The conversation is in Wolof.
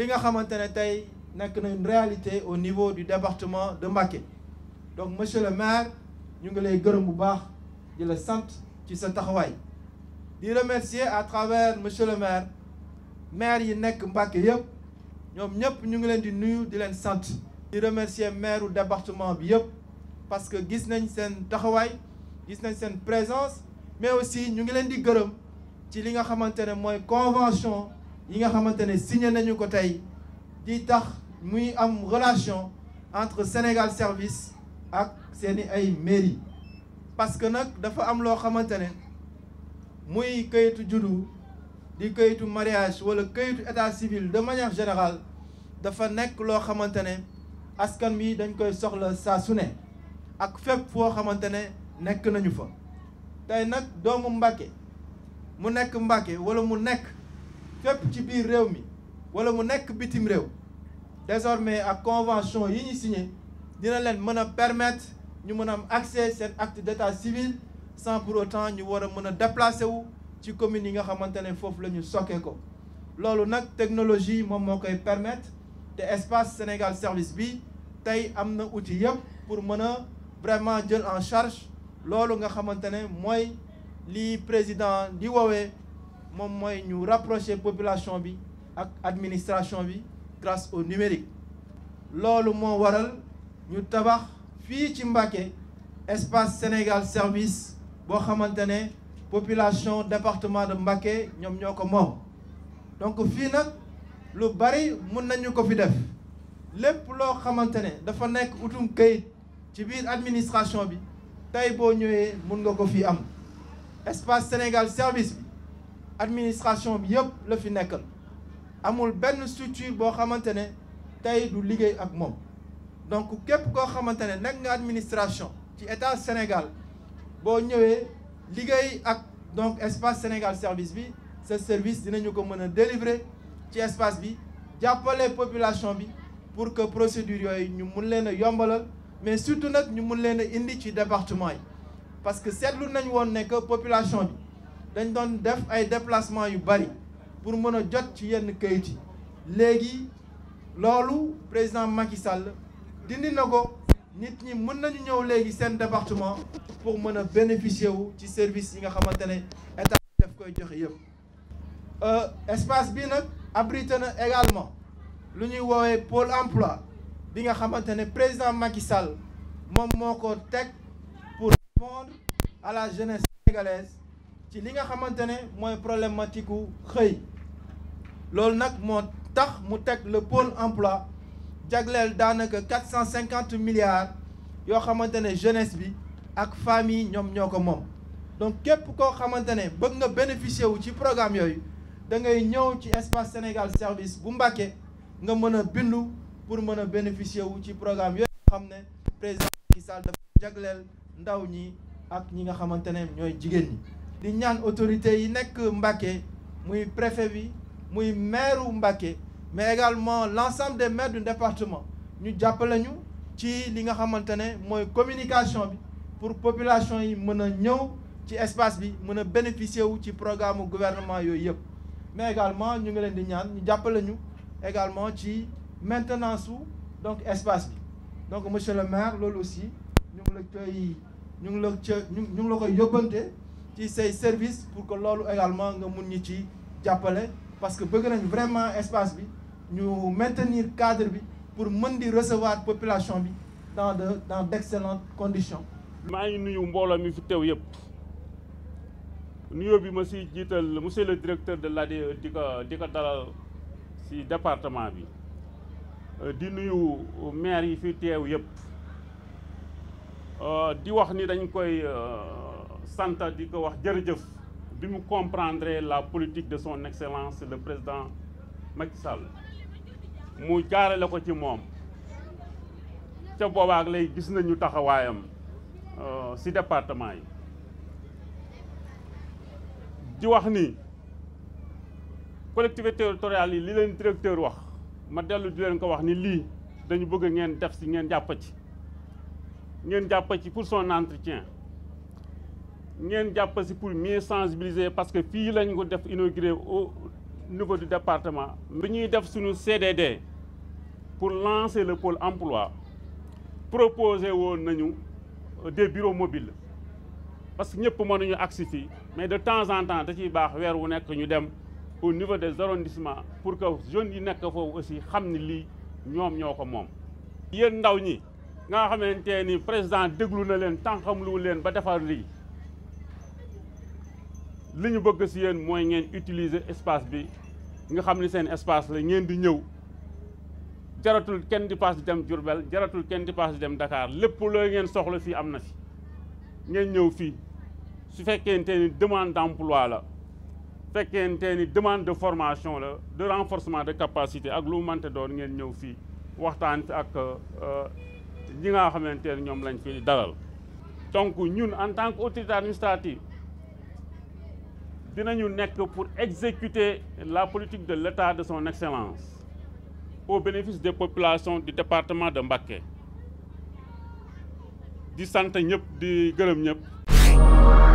li nga xamante ne tey nekk na réalité au niveau du département de Mbacké donc monsieur le maire ñu ngi lay gërëm bu baax di la sant ci sa taxawaay di remercier à travers monsieur le maire maire yi nekk Mbacké yëpp ñoom ñëpp ñu ngi leen di nuyu di leen sant di remercier maire u département bi yëpp parce que gis nañ seen taxawaay gis nañ seen présence mais aussi ñu ngi leen di gërëm ci li nga xamante ne mooy convention yi nga xamante ne signé nañu ko tey di tax muy am relation entre Sénégal service ak seeni ay mairie parce que nag dafa am loo xamante ne muy kayitu juddu di kayitu mariage wala kayitu état civil de manière général dafa nekk loo xamante ne askan wi dañ koy soxla saa su ne ak fépp foo xamante ne nekk nañu fa tey nag doomu Mbàkke mu nekk Mbàkke wala mu nekk fépp ci biir réew mi wala mu nekk bitim réew désormais ak convention yi ñu signé dina leen mën a permettre ñu mën am accès seen acte d'état civil sans pour autant ñu war a mën a déplacer wu ci communes yi nga xamante ne foofu la ñu sokkee ko loolu nag technologie moom moo koy permettre te espace Sénégal service bi tey am na outil yëpp pour mën a vraiment jël en charge loolu nga xamante ne mooy li président di woowee moom mooy ñu rapproché population bi ak administration bi grâce au numérique loolu moo waral ñu tabax fii ci Mbacké espace Sénégal service boo xamante ne population département de Mbacké ñoom ñoo ko moom donc fii nag lu bari mun nañu ko fi def lépp loo xamante ne dafa nekk utum kayit ci biir administration bi tey boo ñëwee mun nga ko fi am espace Sénégal service bi administration bi yëpp la fi nekkal amul benn structure boo xamante ne tey du liggéey ak moom donc képp koo xamante ne nekk nga administration ci état Sénégal boo ñëwee liggéey ak donc espace Sénégal service bi ce service dinañu ko mën a délivrer ci espace bi jàppale population bi pour que procédure yooyu ñu mun leen a yombalal mais surtout nag ñu mun leen a indi ci département yi parce que seetlu nañu woon ne que population bi dañ doon def ay déplacement yu bari pour mën a jot ci yenn kayit yi léegi loolu président Macky Sall dindi na ko nit ñi mën nañu ñëw léegi seen département pour mën a bénéficier wu ci service yi nga xamante ne état daf koy joxe yëpp. Euh, espace bi nag abrité na également lu ñuy woowe pôle emploi bi nga xamante ne président Macky Sall moom moo ko teg pour répondre à la jeunesse sénégalaise. ci li nga xamante ne mooy problématique gu xëy loolu nag moo tax mu teg la pôle emploi jagleel daanaka quatre cent cinquante milliards yoo xamante ne jeunesse bi ak famille ñoom ñoo ko moom. donc képp koo xamante ne bëgg nga bénéficier wu ci programme yooyu da ngay ñëw ci espace Sénégal service bu Mbacké nga mën a bindu pour mën a bénéficier wu ci programme yooyu nga xam ne président jagleel ndaw ñi ak ñi nga xamante ne ñooy jigéen ñi. di ñaan autorité yi nekk Mbacké muy préfet bi muy maire wu Mbacké mais également l'ensemble des maires du département ñu jàppale ñu ci li nga xamante ne mooy communication bi pour population yi mën a ñëw ci espace bi mën a bénéficier wu ci programme gouvernement yooyu yëpp mais également ñu ngi leen di ñaan ñu jàppale ñu également ci maintenance wu donc espace bi donc monsieur le maire loolu aussi ñu ngi la koy ngi la ca ñu ngi la koy yóbbante ci say service pour ko loolu également nga mun ñu ci jàppale parce que bëgg nañ vraiment espace bi ñu maintenir cadre bi pour mën di recevoir population bi dans de de d'excellentes conditions. maa ngi nuyu mbooloo mi fi teew yëpp nuyoo bi ma si jiital monsieur le directeur de l'ADE di ko di ko dalal si département bi euh, di nuyu maire yi fi teew yëpp euh, di wax ni dañ koy. Euh, santa di ko wax jërëjëf bi mu comprendre la politique de son excellence le président Macky Sall mu jaarale ko ci moom ca boobaak lay gis nañu taxawaayam si euh, département yi di wax ni collectivité territoriale yi li leen directeur wax ma dellu di leen ko wax ni lii dañu bëgg ngeen def ci ngeen jàpp ci ngeen jàpp ci pour son entretien ngeen jàpp si pour mieux sensibiliser parce que fii lañ ko def inauguré au niveau du département. bi ñuy def suñu CDD pour lancer le pôle emploi proposé woon nañu euh, de bureaux mobiles parce que ñëpp nañu agsi fii mais de temps en temps da ciy baax weer wu nekk ñu dem au niveau des arrondissements pour que jeunes yi nekk foofu aussi xam ni lii ñoom ñoo ko moom. yéen ndaw ñi nga xamante ni président déglu na leen tànqamlu leen ba defar lii. li ñu bëgg si yéen mooy ngeen utiliser espace bi nga xam ne seen espace la ngeen di ñëw jaratul kenn di paas di dem Diourbel jaratul kenn di paas di dem Dakar lépp loo ngeen soxla fii am na fi ngeen ñëw fii su fekkente ni demande d'emploi la fekkente ni demande de formation la de renforcement de capacité ak lu mante doon ngeen ñëw fii waxtaan ak euh, ñi nga xamante ne ñoom lañ fi dalal donc ñun en tant que dinañu nekk pour exécuter la politique de l'État de son excellence au bénéfice des population du département de Mbacké di sant ñëpp di gërëm ñëpp